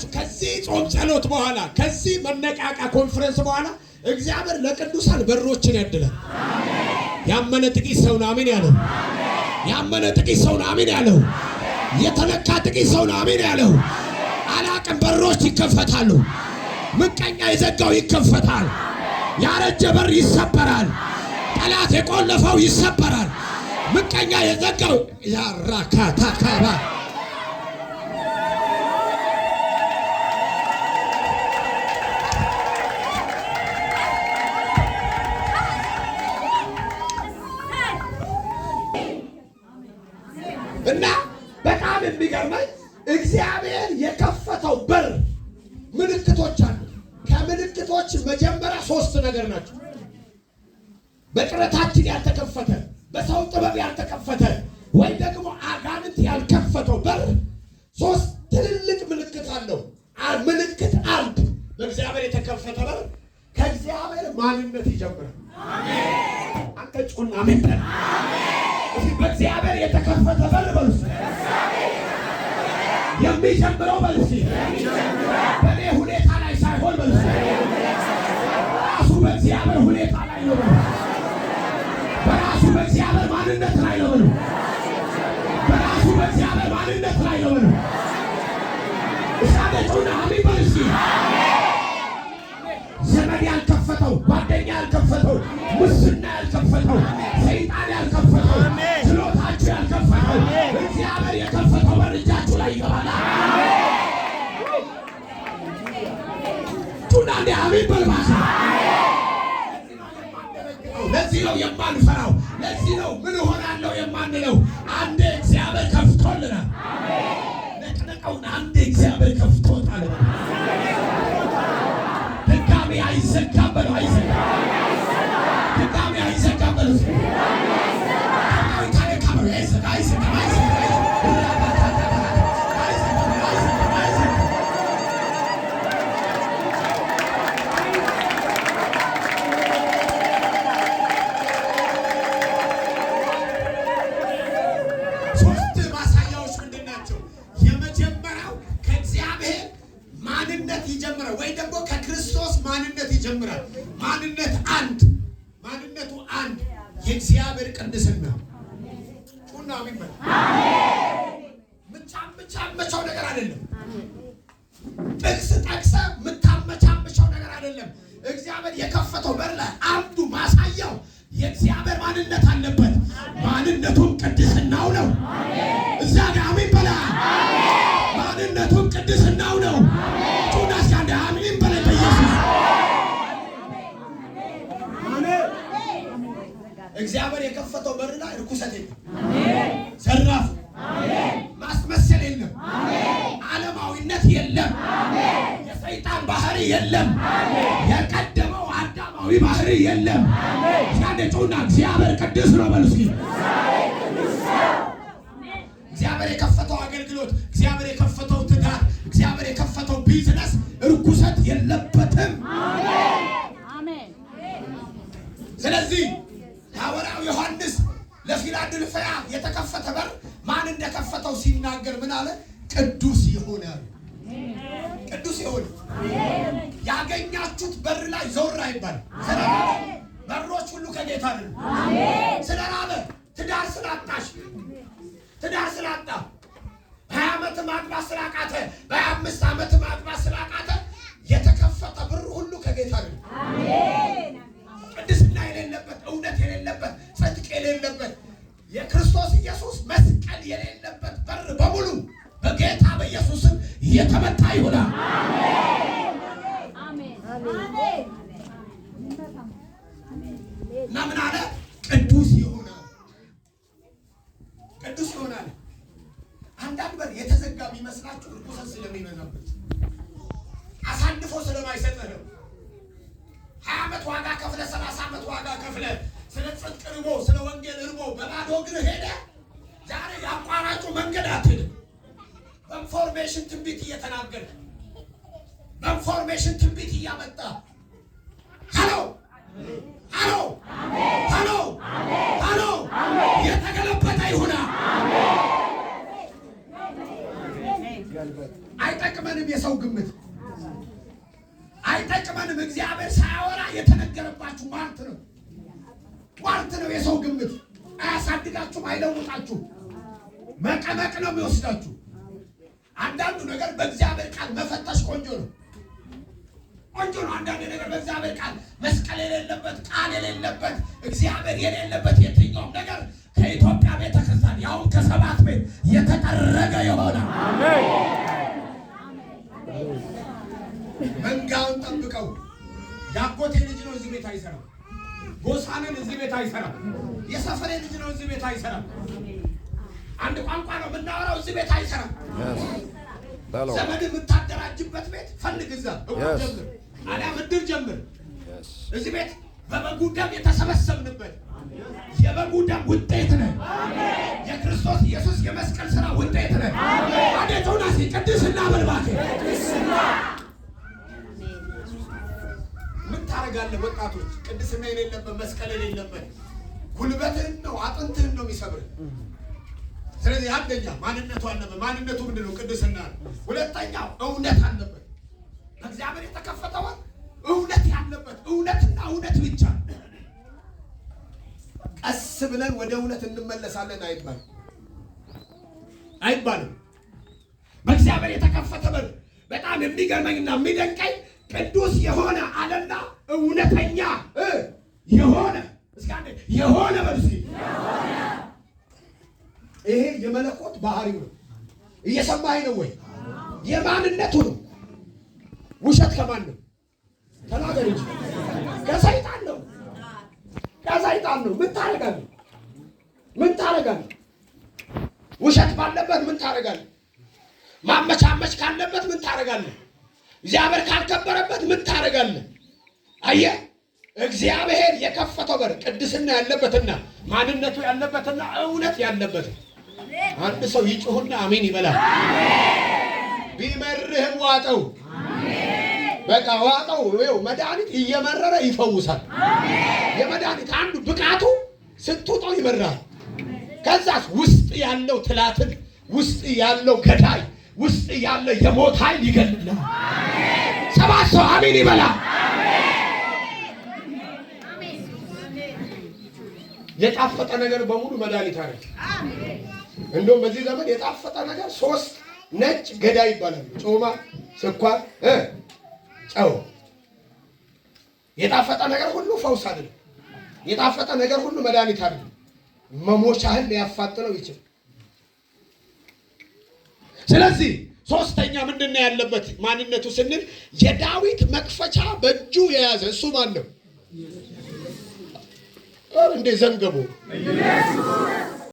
ሰዎች ከዚህ ጾም ጸሎት በኋላ ከዚህ መነቃቃ ኮንፈረንስ በኋላ እግዚአብሔር ለቅዱሳን በሮችን ያድላል። ያመነ ጥቂት ሰው ነው አሜን ያለው። ያመነ ጥቂት ሰው ነው አሜን ያለው። የተነካ ጥቂት ሰው ነው አሜን ያለው። አላቅም በሮች ይከፈታሉ። ምቀኛ የዘጋው ይከፈታል። ያረጀ በር ይሰበራል። ጠላት የቆለፈው ይሰበራል። ምቀኛ የዘጋው ያራካታካባ የሚከፈተው በር ምልክቶች አሉ። ከምልክቶች መጀመሪያ ሶስት ነገር ናቸው። በጥረታችን ያልተከፈተ፣ በሰው ጥበብ ያልተከፈተ ወይም ደግሞ አጋንንት ያልከፈተው በር ሶስት ትልልቅ ምልክት አለው። ምልክት አንድ በእግዚአብሔር የተከፈተ በር ከእግዚአብሔር ማንነት ይጀምራል። አንተ ጩና ምንተን በእግዚአብሔር የተከፈተ በር በሉስ የሚጀምረው መልስ በእኔ ሁኔታ ላይ ሳይሆን መልስ ራሱ በእግዚአብሔር ሁኔታ ላይ ነው። በራሱ በእግዚአብሔር ማንነት ላይ ነው። በራሱ በእግዚአብሔር ማንነት ላይ ነው። ብሉና እንደ አሜን በልባሳ ለዚህ ነው የማንፈራው። ለዚህ ነው ምን ሆናለው የማንለው። አንዴ እግዚአብሔር ከፍቶልናል። ነቅነቀውን አንዴ እግዚአብሔር ከፍቶታል። ድጋሜ አይዘጋም በለው፣ ድጋሜ አይዘጋም ይጀምራል። ማንነት አንድ፣ ማንነቱ አንድ የእግዚአብሔር ቅድስና ጩና ሚመል ምታመቻመቻው ነገር አይደለም። ጥቅስ ጠቅሰ ምታመቻመቻው ነገር አይደለም። እግዚአብሔር የከፈተው በር ላይ አንዱ ማሳያው የእግዚአብሔር ማንነት አለበት። ማንነቱም ቅድስናው ነው። እዛ ጋር የሚቀመጠው በር ላይ ርኩሰት የለም፣ ዘራፍ ማስመሰል የለም፣ ዓለማዊነት የለም፣ የሰይጣን ባህሪ የለም፣ የቀደመው አዳማዊ ባህሪ የለም። ሲያደጩና እግዚአብሔር ቅዱስ ነው በሉ እስኪ። እግዚአብሔር የከፈተው አገልግሎት፣ እግዚአብሔር የከፈተው ትዳር፣ እግዚአብሔር የከፈተው ቢዝነስ ርኩሰት የለም። ሲናገር ምን አለ? ቅዱስ የሆነ ቅዱስ የሆነ ያገኛችሁት በር ላይ ዞር አይባል። ስለራበ በሮች ሁሉ ከጌታ ነው። ስለራበ ትዳር ስላጣሽ ትዳር ስላጣ በሀያ ዓመት ማግባት ስላቃተ በሀያ አምስት ዓመት ማግባት ስላቃተ የተከፈተ ብር ሁሉ ከጌታ ነው። ቅድስና የሌለበት እውነት የሌለበት ጽድቅ የሌለበት የክርስቶስ ኢየሱስ መስቀል የሌለ በሙሉ በጌታ በኢየሱስም የተመታ ይሆናል። እና ምን አለ? ቅዱስ ይሆናል፣ ቅዱስ ይሆናል። አንዳንድ በር የተዘጋ የሚመስላችሁ ርኩሰት ስለሚበዛበት አሳልፎ ስለማይሰጥ ነው። ሀያ ዓመት ዋጋ ከፍለ፣ ሰላሳ ዓመት ዋጋ ከፍለ፣ ስለ ጽድቅ ርቦ፣ ስለ ወንጌል ርቦ በባዶ እግር ሄደ በተቋራጩ መንገድ አትሄድም። በኢንፎርሜሽን ትንቢት እየተናገር በኢንፎርሜሽን ትንቢት እያመጣ ሀሎ ሀሎ ሀሎ ሀሎ የተገለበጠ ይሁና። አይጠቅመንም፣ የሰው ግምት አይጠቅመንም። እግዚአብሔር ሳያወራ የተነገረባችሁ ማርት ነው፣ ሟርት ነው። የሰው ግምት አያሳድጋችሁም፣ አይለውጣችሁም። መቀመቅ ነው የሚወስዳችሁ። አንዳንዱ ነገር በእግዚአብሔር ቃል መፈተሽ ቆንጆ ነው፣ ቆንጆ ነው። አንዳንድ ነገር በእግዚአብሔር ቃል መስቀል የሌለበት ቃል የሌለበት እግዚአብሔር የሌለበት የትኛውም ነገር ከኢትዮጵያ ቤተክርስቲያን ያሁን ከሰባት ቤት የተጠረገ የሆነ መንጋውን ጠብቀው። ዳጎቴ ልጅ ነው እዚህ ቤት አይሰራም። ጎሳንን እዚህ ቤት አይሰራም። የሰፈሬ ልጅ ነው እዚህ ቤት አይሰራም። አንድ ቋንቋ ነው የምናወራው። እዚህ ቤት አይሰራም። ዘመድ የምታደራጅበት ቤት ፈልግ። እዛ አሊያም እድር ጀምር። እዚህ ቤት በበጉ ደም የተሰበሰብንበት የበጉ ደም ውጤት ነን። የክርስቶስ ኢየሱስ የመስቀል ስራ ውጤት ነን። አዴቶና ቅድስና በልባቴ ምን ታደርጋለህ? ወጣቶች ቅድስና የሌለበት መስቀል የሌለበት ጉልበትህን ነው አጥንትህን ነው የሚሰብርህ ስለዚህ አንደኛ ማንነቱ አለበት። ማንነቱ ምንድን ነው? ቅድስና ሁለተኛው እውነት አለበት። በእግዚአብሔር የተከፈተውን እውነት ያለበት እውነትና እውነት ብቻ። ቀስ ብለን ወደ እውነት እንመለሳለን አይባልም፣ አይባልም። በእግዚአብሔር የተከፈተ በር በጣም የሚገርመኝና የሚደንቀኝ ቅዱስ የሆነ አለና እውነተኛ የሆነ የሆነ በርሲ ይሄ የመለኮት ባህሪው ነው። እየሰማኸኝ ነው ወይ? የማንነቱ ነው። ውሸት ከማን ነው? ተናገር እንጂ ከሰይጣን ነው። ከሰይጣን ነው። ምን ታደርጋለህ? ምን ታደርጋለህ? ውሸት ባለበት ምን ታደርጋለህ? ማመቻመች ካለበት ምን ታደርጋለህ? እግዚአብሔር ካልከበረበት ምን ታደርጋለህ? አየህ፣ እግዚአብሔር የከፈተው በር ቅድስና ያለበትና ማንነቱ ያለበትና እውነት ያለበት አንድ ሰው ይጮህና አሜን ይበላል። ቢመርህም ዋጠው፣ በቃ ዋጠው። ይኸው መድኃኒት እየመረረ ይፈውሳል። የመድኃኒት አንዱ ብቃቱ ስትውጠው ይመራል። ከዛስ ውስጥ ያለው ትላትል፣ ውስጥ ያለው ገዳይ፣ ውስጥ ያለው የሞት ኃይል ይገልናል። ሰባት ሰው አሜን ይበላል። የጣፈጠ ነገር በሙሉ መድኃኒት አለ። እንደውም በዚህ ዘመን የጣፈጠ ነገር ሶስት ነጭ ገዳይ ይባላል። ጮማ፣ ስኳር፣ ጨው። የጣፈጠ ነገር ሁሉ ፈውስ አይደለም። የጣፈጠ ነገር ሁሉ መድኃኒት አይደለም። መሞቻህን ሊያፋጥነው ይችላል። ስለዚህ ሶስተኛ ምንድን ነው ያለበት ማንነቱ ስንል የዳዊት መክፈቻ በእጁ የያዘ እሱ ማን ነው እንዴ? ዘንገቦ